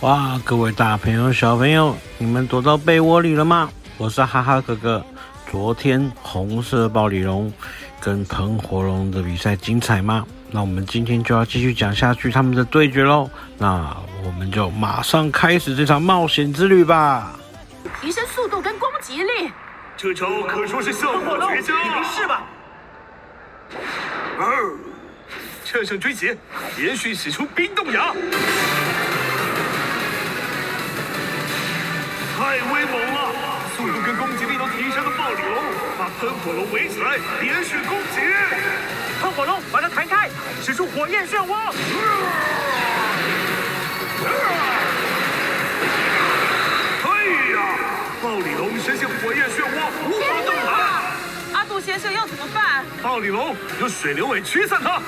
哇，各位大朋友、小朋友，你們躲到被窩裡了嗎？我是哈哈哥哥。昨天紅色暴鯉龍跟噴火龍的比賽精彩嗎？那我們今天就要繼續講下去他們的對決嘍。那我們就馬上開始這場冒險之旅吧。提升速度跟攻擊力，這招可說是笑破絕招。你沒事吧？二、哦，趁勝追擊，連續使出冰凍牙。太威猛了！速度跟攻擊力都提升的暴鯉龍，把噴火龍圍起來，連續攻擊。噴火龍把它彈開，使出火焰漩渦。對、啊啊哎、呀，暴鯉龍身陷火焰漩渦，無法動彈。阿杜先生要怎麼辦？暴鯉龍用水流尾驅散它。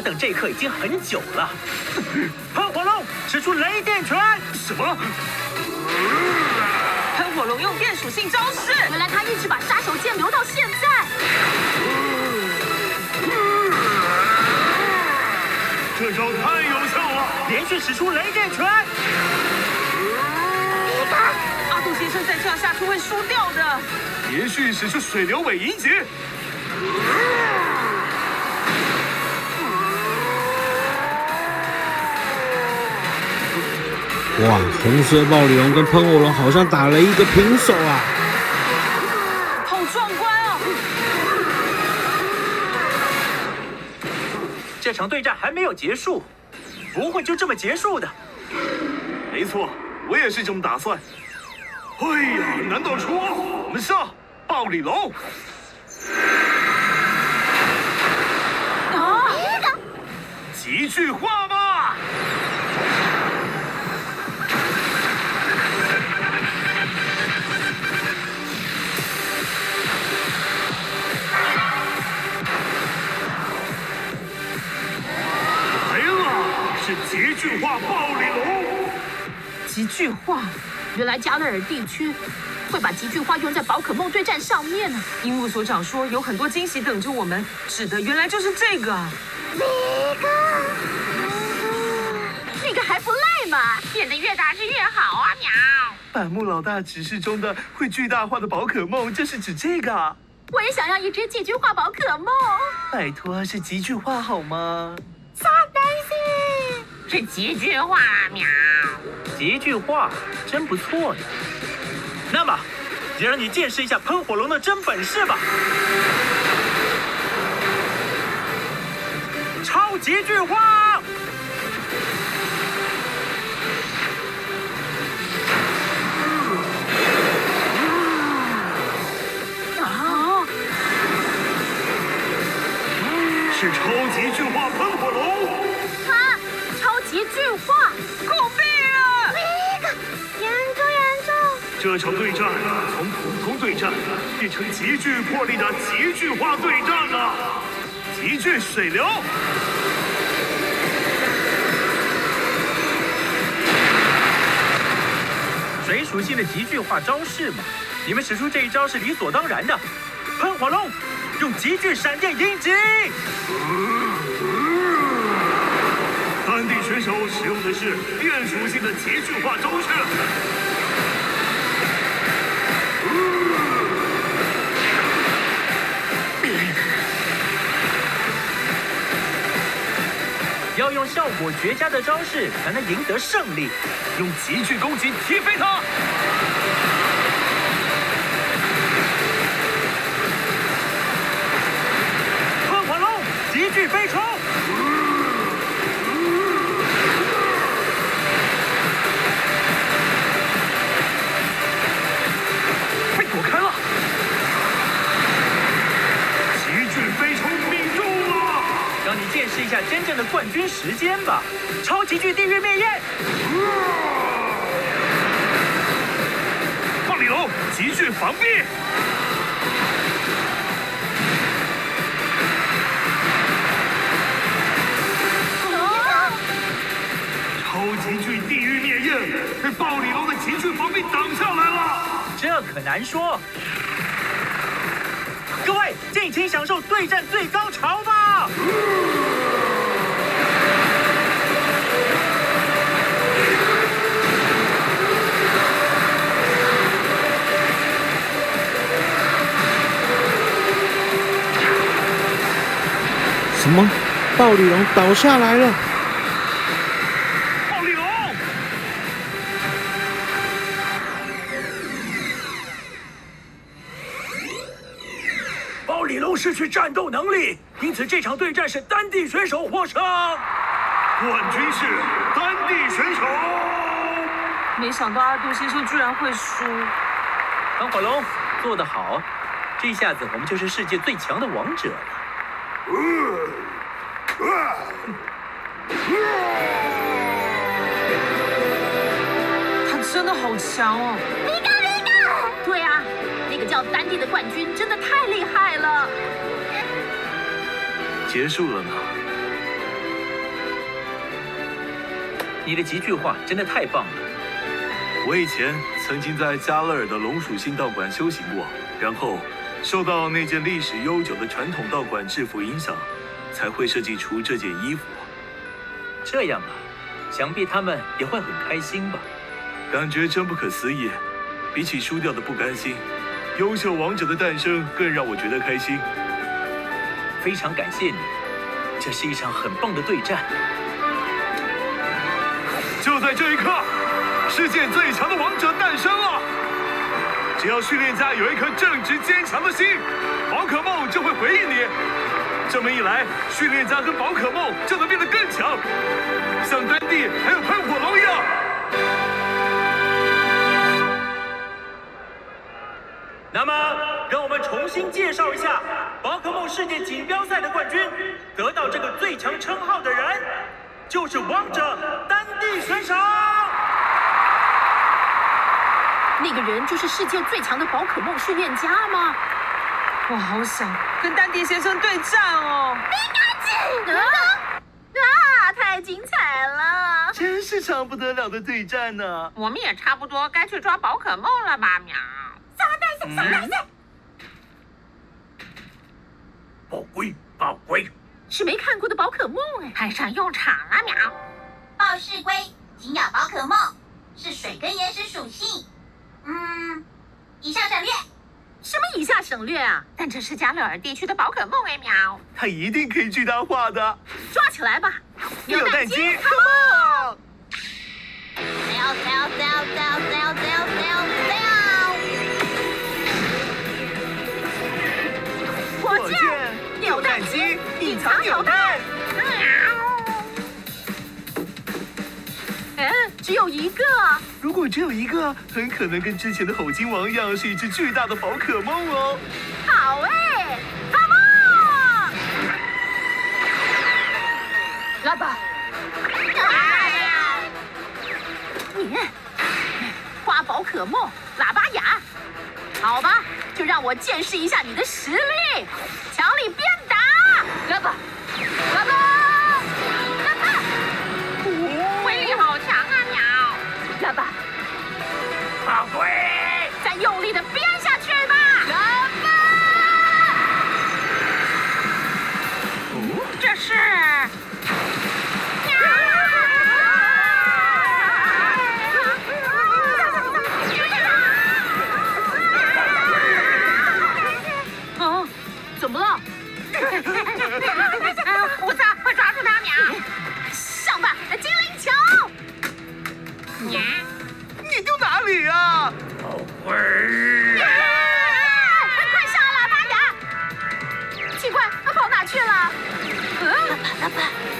等這一刻已經很久了。嗯、噴火龍使出雷電拳。什麼？噴火龍用電屬性招式。原來他一直把殺手鐧留到現在。嗯嗯、這招太有效了，連續使出雷電拳。嗯啊、阿杜先生再這樣下去會輸掉的。連續使出水流尾迎擊。嗯哇，紅色暴鯉龍跟噴火龍好像打了一個平手啊！好壯觀啊！這場對戰還沒有結束，不會就這麼結束的。沒錯，我也是這麼打算。哎呀，難道說我們上，暴鯉龍？啊、哦！極巨化嗎？極巨化，原來加勒爾地區會把極巨化用在寶可夢對戰上面呢、啊。櫻木所長說有很多驚喜等着我們，指的原來就是這個。那、這個，那、這個、個還不賴嘛，變得越大是越好啊，喵。板木老大指示中的會巨大化的寶可夢，就是指這個。我也想要一隻極巨化寶可夢。拜托是極巨化好嗎？撒擔心，是極巨化、啊，喵。一句話真不錯呀，那麼就讓你見識一下噴火龍的真本事吧！超極巨化，啊啊，是超極巨化噴火龍。這場對戰從普通對戰變成極具魄力的極巨化對戰了，啊，極巨水流，水屬性的極巨化招式嘛，你們使出這一招是理所當然的。噴火龍，用極巨閃電迎擊。丹帝選手使用的是電屬性的極巨化招式。要用效果絕佳的招式才能贏得勝利，用極巨攻擊踢飛他！噴火龍，極巨飛沖！真正的冠軍時間吧！超極巨地獄滅焰！啊，暴鯉龍極巨防壁！啊，超極巨地獄滅焰被暴鯉龍的極巨防壁擋下來了，這可難說。各位盡情享受對戰最高潮吧！啊什麼暴鯉龍倒下來了！暴鯉龍！暴鯉龍失去戰鬥能力，因此這場對戰是丹帝選手獲勝。冠軍是丹帝選手。沒想到阿杜先生居然會輸。噴火龍做得好，這下子我們就是世界最強的王者了。他真的好強哦！李剛，李剛。對啊，那個叫丹帝的冠軍真的太厲害了。結束了呢，你的幾句話真的太棒了。我以前曾經在加勒爾的龍屬性道館修行過，然後。受到那件歷史悠久的傳統道館制服影響，才會設計出這件衣服。這樣啊，想必他們也會很開心吧？感覺真不可思議，比起輸掉的不甘心，優秀王者的誕生更讓我覺得開心。非常感謝你，這是一場很棒的對戰。就在這一刻，世界最強的王者誕生了。只要訓練家有一顆正直堅強的心，寶可夢就會回應你。這麼一來，訓練家和寶可夢就能變得更強，像丹帝還有噴火龍一樣。那麼，讓我們重新介紹一下，寶可夢世界錦標賽的冠軍，得到這個最強稱號的人，就是王者丹帝選手。那個人就是世界最強的寶可夢訓練家嗎？我好想跟丹帝先生對戰哦！別乾勁，啊，啊，太精彩了！真是強不得了的對戰呢，啊！我們也差不多該去抓寶可夢了吧？喵！掃蕩式，掃蕩式！寶龜，寶龜！是沒看過的寶可夢哎，還上用場了，啊、喵！暴噬龜，咬合寶可夢，是水跟岩石屬性。嗯，以下省略，什麼以下省略啊？但這是加勒爾地區的寶可夢艾喵，它一定可以巨大化的，抓起來吧！扭蛋機，開動！火箭 Come on!，扭蛋機，機，隱藏扭蛋。只有一個。如果只有一個，很可能跟之前的吼鯨王一樣，是一隻巨大的寶可夢哦。好哎、欸，大夢來吧。你、哎呀哎、花寶可夢喇叭芽，好吧，就讓我見識一下你的實力。怎麼了？我操！快抓住他們！上吧，精靈球！嗯、你你丟哪裡啊？後悔！回 yeah! 快快上來，班長！奇怪，他跑哪去了？老闆、啊，老闆。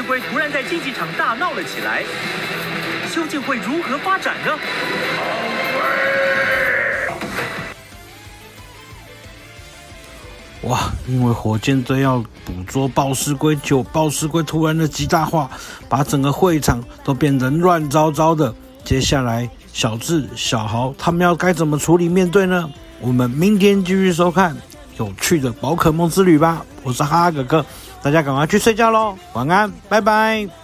暴鯉龍突然在競技場大鬧了起來，究竟會如何發展呢？位哇！因為火箭隊要捕捉暴鯉龍，就暴鯉龍突然的極巨化，把整個會場都變得亂糟糟的。接下來，小智、小豪他們要該怎麼處理面對呢？我們明天繼續收看有趣的寶可夢之旅吧。我是哈哈哥哥，大家趕快去睡覺嘍，晚安，拜拜。